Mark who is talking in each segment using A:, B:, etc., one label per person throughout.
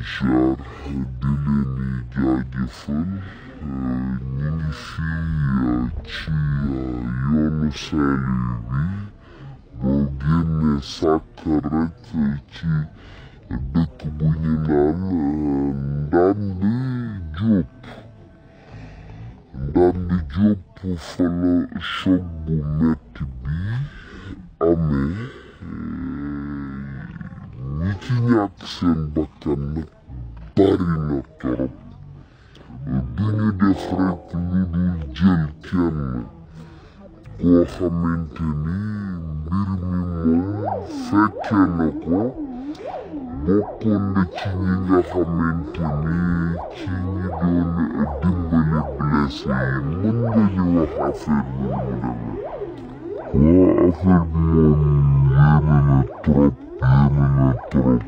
A: ziar di leen jaajëfal ñu ngi fii ci yoonu Saint-Louis bi boo génnee sàkk rek ci dëkk bu ñu naan eh, Ndande Diop Ndande Diop fa la choc bu metti bi amee ci ñàkk seen bakkan nag du ñu def rekk lu dul jël kenn koo xamante ni mbir mi moom ko bokkoon na ci ñi nga xamante ni ci ñi doon dimbali blessé yi mën nga ñu wax affaire bi
B: mu demee waa affaire bi moom Именно труп, именно труп.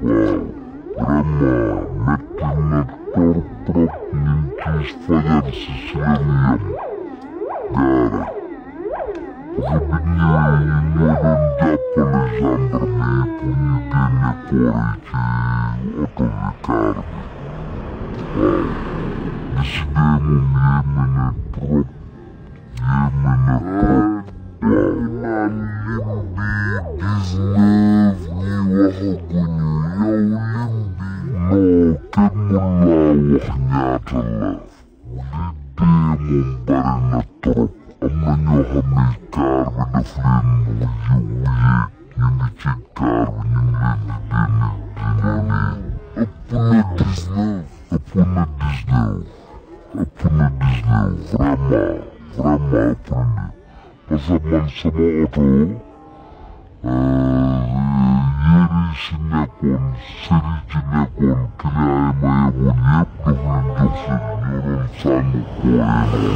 B: Вау. Прямо метинатор пропненький стоял со слением. Гара. Забедняю моден дяпали жандарми понедельне порите от овекарни. Вау. Десидемо именно труп, именно труп. دائما يمضي جزلاف وحقني
A: يولمضي
B: لكن الله وحنيات الله ولدي منبرنا الطرب أما يوهم الكار بدفلين ويوي ينتي الكار وينلين ديني ديني أبنا جزلاف أبنا جزلاف أبنا جزلاف فرما فرما أبنا parce eh, que man sama oto yéen yi si nekkoon sëriñ ci nekkoon client yi ma yeboon yëpp daf leen jox seen ñoo doon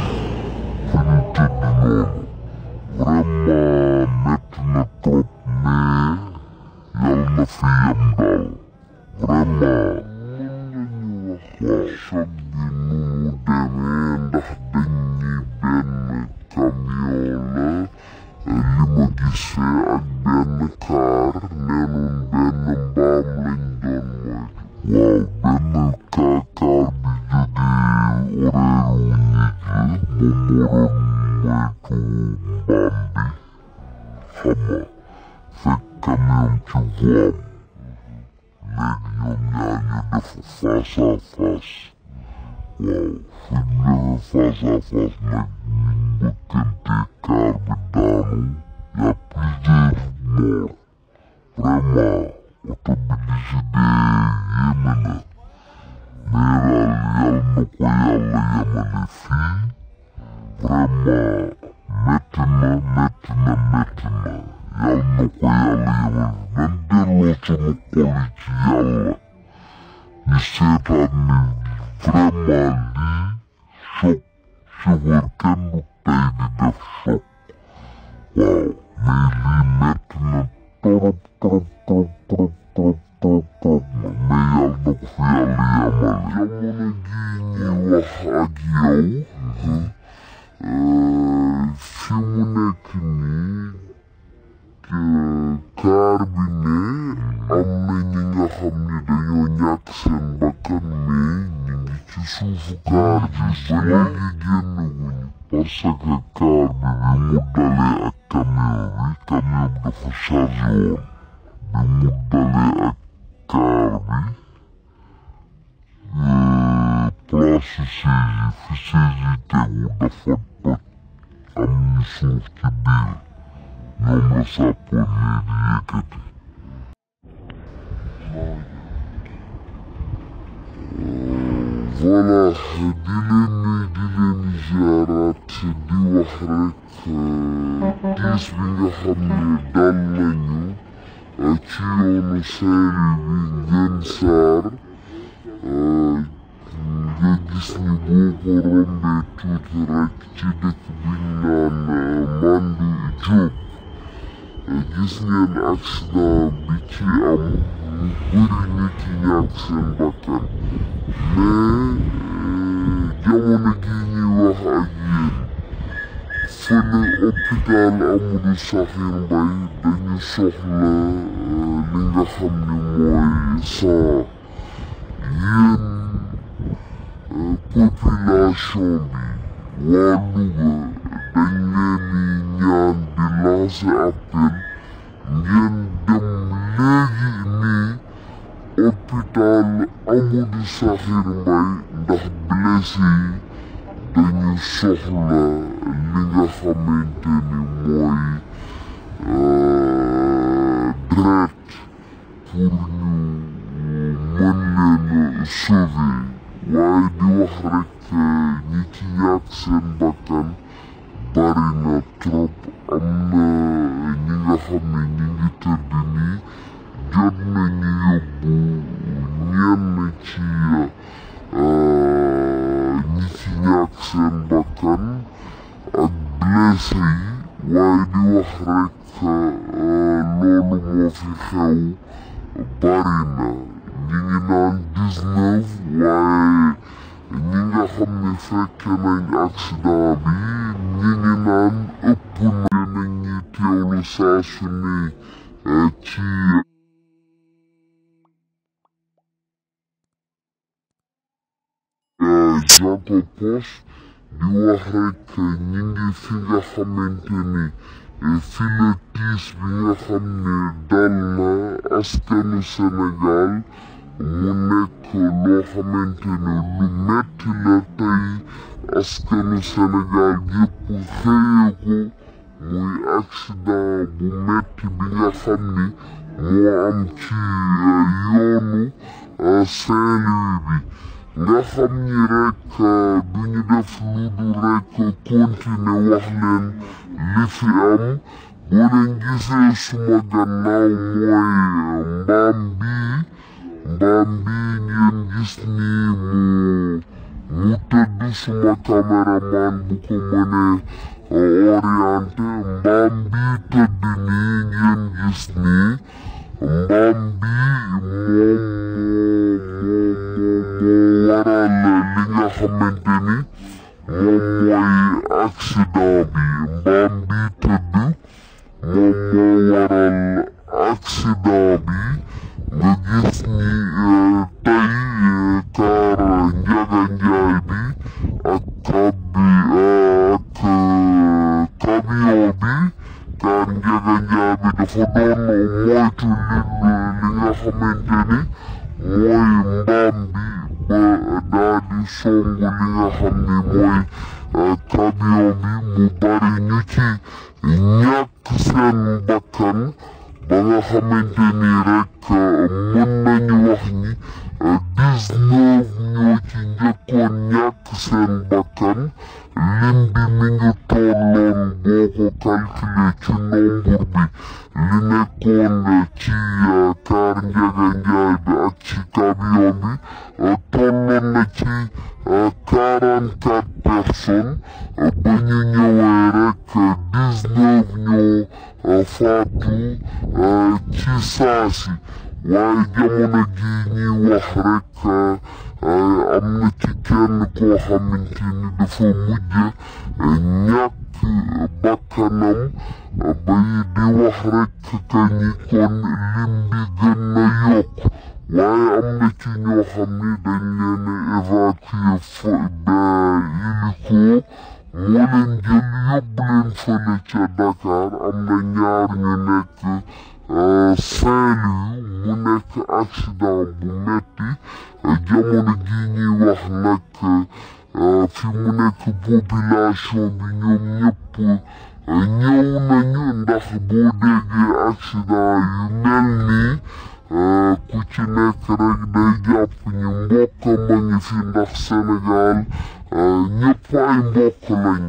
B: sànni koolee noonu fi ñu tëdd noonu vraiment métti na trop mais yàlla na fi yem daal face a face. Wow, finire face a face nel limbo tentecare betano e a pigliare mor. Prema, autobilicide Yemene. Nera, yalma, koyalla, Yemene, fi. Prema, wow, milimetrine tarıp tarıp tarıp tarıp tarıp tarıp tarıp yapmak fiyallayamadım. Ya bunu giyini
A: vahak yav. Simunekini kaar bi ne am na ñi nga xam ne dañoo ñàkk seen bakkan mais ñu ngi ci suufu kaar bi ba
B: léegi génn wuñu parce que kaar bi bi mu dalee ak caminho, vi caminho da passagem de Mudalé a Carme, praças eh, e edifícios e tenho da foto a minha sorte dele, não me saponeria que te.
A: Voilà, eh, dis-le bis bi nga xam ne dal nañu ci yoonu saint bi Ndiène Sarr nga gis ni boo ko rombee tuuti ci dëkk bi ñu naan Mandu Diop gis ngeen accident bi ci am ñu bëri ñu ci ñàkk seen bakkan mais jamono wax ak yéen fële hôpital Amadou Sakhir Mbaye dañu soxla li nga xam ni mooy sang yéen population bi waa Louga dañ leen di ñaan di lancer appel ngeen dem léegi nii hôpital Amadou Sakhir Mbaye ndax blessé yi dañu soxla li nga xamante mooy deret pour ñu mën leen sauver di wax rek ñi ci yàq seen trop am na ñi nga xam ne ñi ngi tëdd nii jot ci. weesu yi waaye di wax rek loolu moo fi xew bari na ñi ngi naan dix-neuf waaye ñi nga xam ne fekke nañ accident bi ñi ngi naan ëpp na nañ
B: ñi teewlu saa su ne ci Jump
A: Post di wax rek ñi ngi fi nga xamante ni e fi bi nga xam ne dal na askanu Sénégal mu nekk loo xamante ne lu metti la tey askanu Sénégal yëpp xëyee ko muy accident bu metti bi nga ni moo am ci e, yoonu e, Saint-Louis bi nga xam ni rek du ñu def lu dul rek continuer wax leen li fi am boo leen gisee suma gannaaw mooy mbaam um bi mbaam bi ngeen gis ni mu mu tëdd suma caméraman bu ko mënee orienté mbaam um bi président bi nga gis ni tey car Ndiaga Ndiaye bi ak cab bi ak camion bi car Ndiaga Ndiaye bi dafa doon moytu li li nga xamante ni mooy mbaam bi ba daa di song li nga xam ni mooy camion bi mu bari ñu ci ñàkk seen bakkan ba nga xamante ni rek mën nañu ni dix-neuf ci njëkkoon ñàkk seen bakkan lim mi ngi tolloon boo ko calculé ci nombre bi li nekkoon ci kaar njegenjaay bi ak ci camion bi tolloon na ci quarante quatre personnes ba ñu ñëwee rek dix-neuf ñoo ci saasi waaye jamono jii ñuy wax rek am na ci kenn koo xamante ni dafa mujj ñàkk bakkanam bay di wax rek que ñi kon lim bi gën na yokk waaye am na ci ñoo xam ni dañ leen évacuer fa ba iliko moo leen jël yóbbu leen fële ca jamono jii ñuy wax nag fi mu nekk population bi ñoom ñëpp ñëw nañu ndax boo déggee accident yu mel nii ku ci nekk rek day jàpp ñu mbokk ma ngi fi ndax Sénégal ñëpp ay mbokk lañ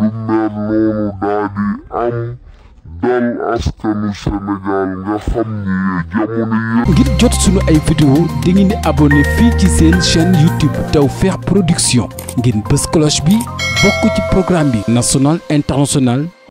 A: lu mel loolu am. dal askanu Sénégal nga xam ngir jot sunu ay vidéo di ngeen di abonné fii ci seen chaîne YouTube Tawfekh Production ngeen bës cloche bi bokk ci programme bi national international